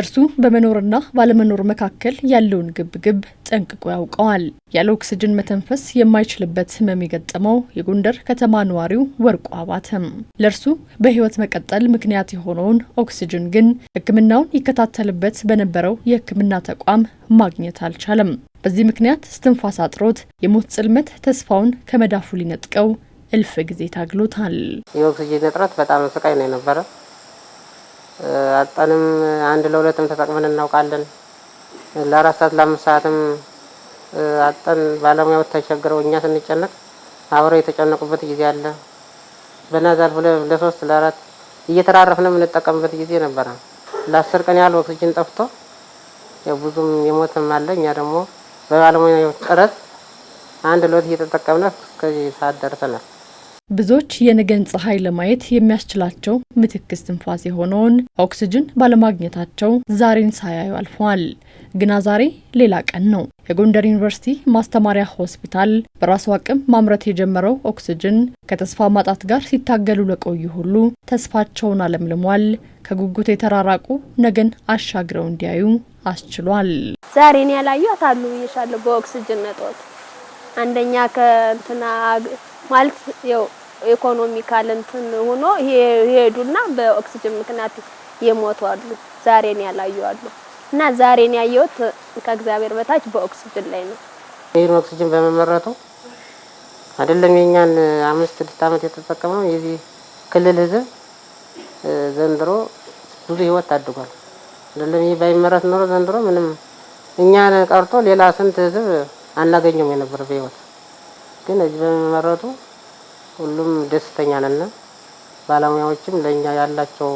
እርሱ በመኖርና ባለመኖር መካከል ያለውን ግብግብ ጠንቅቆ ያውቀዋል። ያለ ኦክስጅን መተንፈስ የማይችልበት ህመም የገጠመው የጎንደር ከተማ ነዋሪው ወርቁ አባተም ለእርሱ በህይወት መቀጠል ምክንያት የሆነውን ኦክስጅን ግን ህክምናውን ይከታተልበት በነበረው የህክምና ተቋም ማግኘት አልቻለም። በዚህ ምክንያት እስትንፋስ አጥሮት የሞት ጽልመት ተስፋውን ከመዳፉ ሊነጥቀው እልፍ ጊዜ ታግሎታል። የኦክስጅን እጥረት በጣም ስቃይ ነው የነበረ አጠንም አንድ ለሁለትም ተጠቅመን እናውቃለን። ለአራት ሰዓት ለአምስት ሰዓትም አጠን ባለሙያዎች ተቸግረው እኛ ስንጨነቅ አብረው የተጨነቁበት ጊዜ አለ። በናዝ አልፎ ለሶስት ለአራት እየተራረፍን የምንጠቀምበት ጊዜ ነበረ። ለአስር ቀን ያህል ኦክሲጅን ጠፍቶ ብዙም የሞትም አለ። እኛ ደግሞ በባለሙያዎች ጥረት አንድ ሎት እየተጠቀምነ እስከዚህ ሰዓት ደርሰናል። ብዙዎች የነገን ፀሐይ ለማየት የሚያስችላቸው ምትክ እስትንፋስ የሆነውን ኦክስጅን ባለማግኘታቸው ዛሬን ሳያዩ አልፈዋል። ግና ዛሬ ሌላ ቀን ነው። የጎንደር ዩኒቨርሲቲ ማስተማሪያ ሆስፒታል በራሱ አቅም ማምረት የጀመረው ኦክስጅን ከተስፋ ማጣት ጋር ሲታገሉ ለቆዩ ሁሉ ተስፋቸውን አለምልሟል። ከጉጉት የተራራቁ ነገን አሻግረው እንዲያዩ አስችሏል። ዛሬን ያላዩ አታሉ ይሻለ በኦክስጅን ነጦት አንደኛ ከእንትና ማለት ያው ኢኮኖሚካል እንትን ሆኖ ይሄዱና በኦክሲጅን ምክንያት የሞቱ አሉ። ዛሬን ያላዩ አሉ። እና ዛሬን ያየሁት ከእግዚአብሔር በታች በኦክሲጅን ላይ ነው። ይህን ኦክሲጅን በመመረቱ አይደለም የኛን አምስት ስድስት ዓመት የተጠቀመው የዚህ ክልል ህዝብ ዘንድሮ ብዙ ህይወት ታድጓል። አይደለም ይህ ባይመረት ኖሮ ዘንድሮ ምንም እኛን ቀርቶ ሌላ ስንት ህዝብ አናገኘውም የነበረ በህይወት ግን እዚህ በመመረቱ ሁሉም ደስተኛ ነና ባለሙያዎችም ለእኛ ያላቸው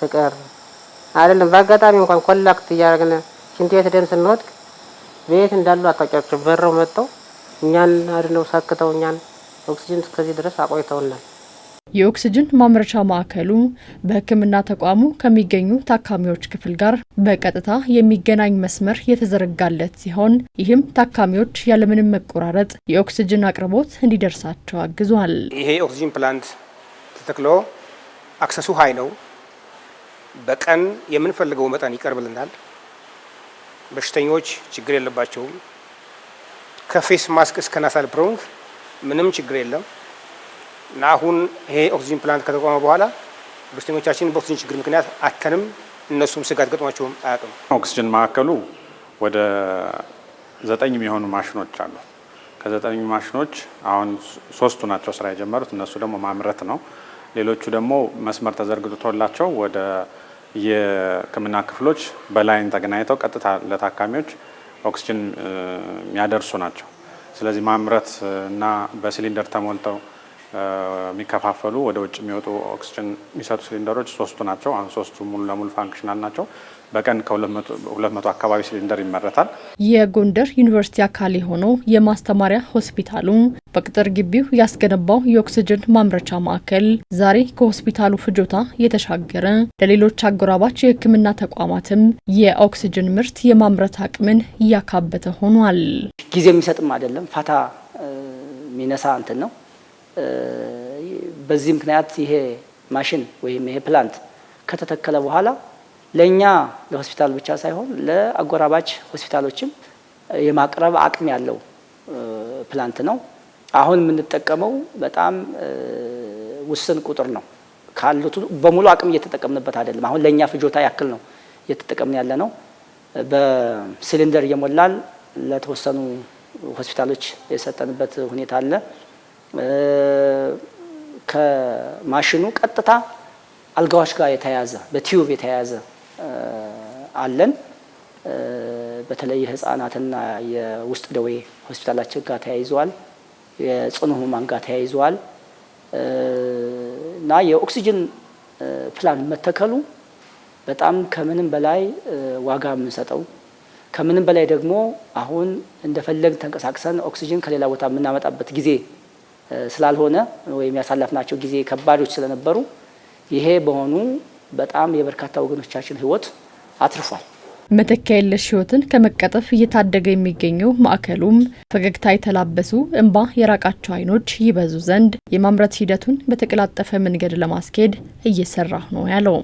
ፍቅር አይደለም። በአጋጣሚ እንኳን ኮላክት እያደረግን ሽንት ቤት ደን ስንወድቅ ቤት እንዳሉ አቃቂያቸው በረው መጥተው እኛን አድነው ሰክተው እኛን ኦክሲጅን እስከዚህ ድረስ አቆይተውናል። የኦክሲጅን ማምረቻ ማዕከሉ በሕክምና ተቋሙ ከሚገኙ ታካሚዎች ክፍል ጋር በቀጥታ የሚገናኝ መስመር የተዘረጋለት ሲሆን ይህም ታካሚዎች ያለምንም መቆራረጥ የኦክስጅን አቅርቦት እንዲደርሳቸው አግዟል። ይሄ ኦክስጅን ፕላንት ተተክሎ አክሰሱ ሀይ ነው። በቀን የምንፈልገው መጠን ይቀርብልናል። በሽተኞች ችግር የለባቸውም። ከፌስ ማስክ እስከ ናሳል ፕሮንግ ምንም ችግር የለም እና አሁን ይሄ ኦክስጅን ፕላንት ከተቋመ በኋላ በሽተኞቻችን በኦክስጅን ችግር ምክንያት አተንም እነሱም ስጋት ገጥሟቸውም አያውቅም። ኦክስጅን ማዕከሉ ወደ ዘጠኝ የሚሆኑ ማሽኖች አሉ። ከዘጠኙ ማሽኖች አሁን ሶስቱ ናቸው ስራ የጀመሩት፣ እነሱ ደግሞ ማምረት ነው። ሌሎቹ ደግሞ መስመር ተዘርግቶላቸው ወደ የህክምና ክፍሎች በላይን ተገናኝተው ቀጥታ ለታካሚዎች ኦክስጅን የሚያደርሱ ናቸው። ስለዚህ ማምረት እና በሲሊንደር ተሞልተው የሚከፋፈሉ ወደ ውጭ የሚወጡ ኦክስጅን የሚሰጡ ሲሊንደሮች ሶስቱ ናቸው። አሁን ሶስቱ ሙሉ ለሙሉ ፋንክሽናል ናቸው። በቀን ከ200 አካባቢ ሲሊንደር ይመረታል። የጎንደር ዩኒቨርሲቲ አካል የሆነው የማስተማሪያ ሆስፒታሉ በቅጥር ግቢው ያስገነባው የኦክስጅን ማምረቻ ማዕከል ዛሬ ከሆስፒታሉ ፍጆታ የተሻገረ ለሌሎች አጎራባች የሕክምና ተቋማትም የኦክስጅን ምርት የማምረት አቅምን እያካበተ ሆኗል። ጊዜ የሚሰጥም አይደለም ፋታ የሚነሳ እንትን ነው በዚህ ምክንያት ይሄ ማሽን ወይም ይሄ ፕላንት ከተተከለ በኋላ ለእኛ ለሆስፒታል ብቻ ሳይሆን ለአጎራባች ሆስፒታሎችም የማቅረብ አቅም ያለው ፕላንት ነው። አሁን የምንጠቀመው በጣም ውስን ቁጥር ነው ካሉት በሙሉ አቅም እየተጠቀምንበት አይደለም። አሁን ለእኛ ፍጆታ ያክል ነው እየተጠቀምን ያለ ነው። በሲሊንደር እየሞላል ለተወሰኑ ሆስፒታሎች የሰጠንበት ሁኔታ አለ። ከማሽኑ ቀጥታ አልጋዎች ጋር የተያያዘ በቲዩብ የተያዘ አለን። በተለይ ህጻናትና የውስጥ ደዌ ሆስፒታላችን ጋር ተያይዘዋል። የጽኑ ህሙማን ጋር ተያይዘዋል እና የኦክሲጅን ፕላን መተከሉ በጣም ከምንም በላይ ዋጋ የምንሰጠው ከምንም በላይ ደግሞ አሁን እንደፈለግን ተንቀሳቅሰን ኦክሲጅን ከሌላ ቦታ የምናመጣበት ጊዜ ስላልሆነ ወይም ያሳለፍናቸው ጊዜ ከባዶች ስለነበሩ ይሄ በሆኑ በጣም የበርካታ ወገኖቻችን ህይወት አትርፏል። መተኪያ የለሽ ህይወትን ከመቀጠፍ እየታደገ የሚገኘው ማዕከሉም ፈገግታ የተላበሱ እንባ የራቃቸው አይኖች ይበዙ ዘንድ የማምረት ሂደቱን በተቀላጠፈ መንገድ ለማስኬድ እየሰራ ነው ያለው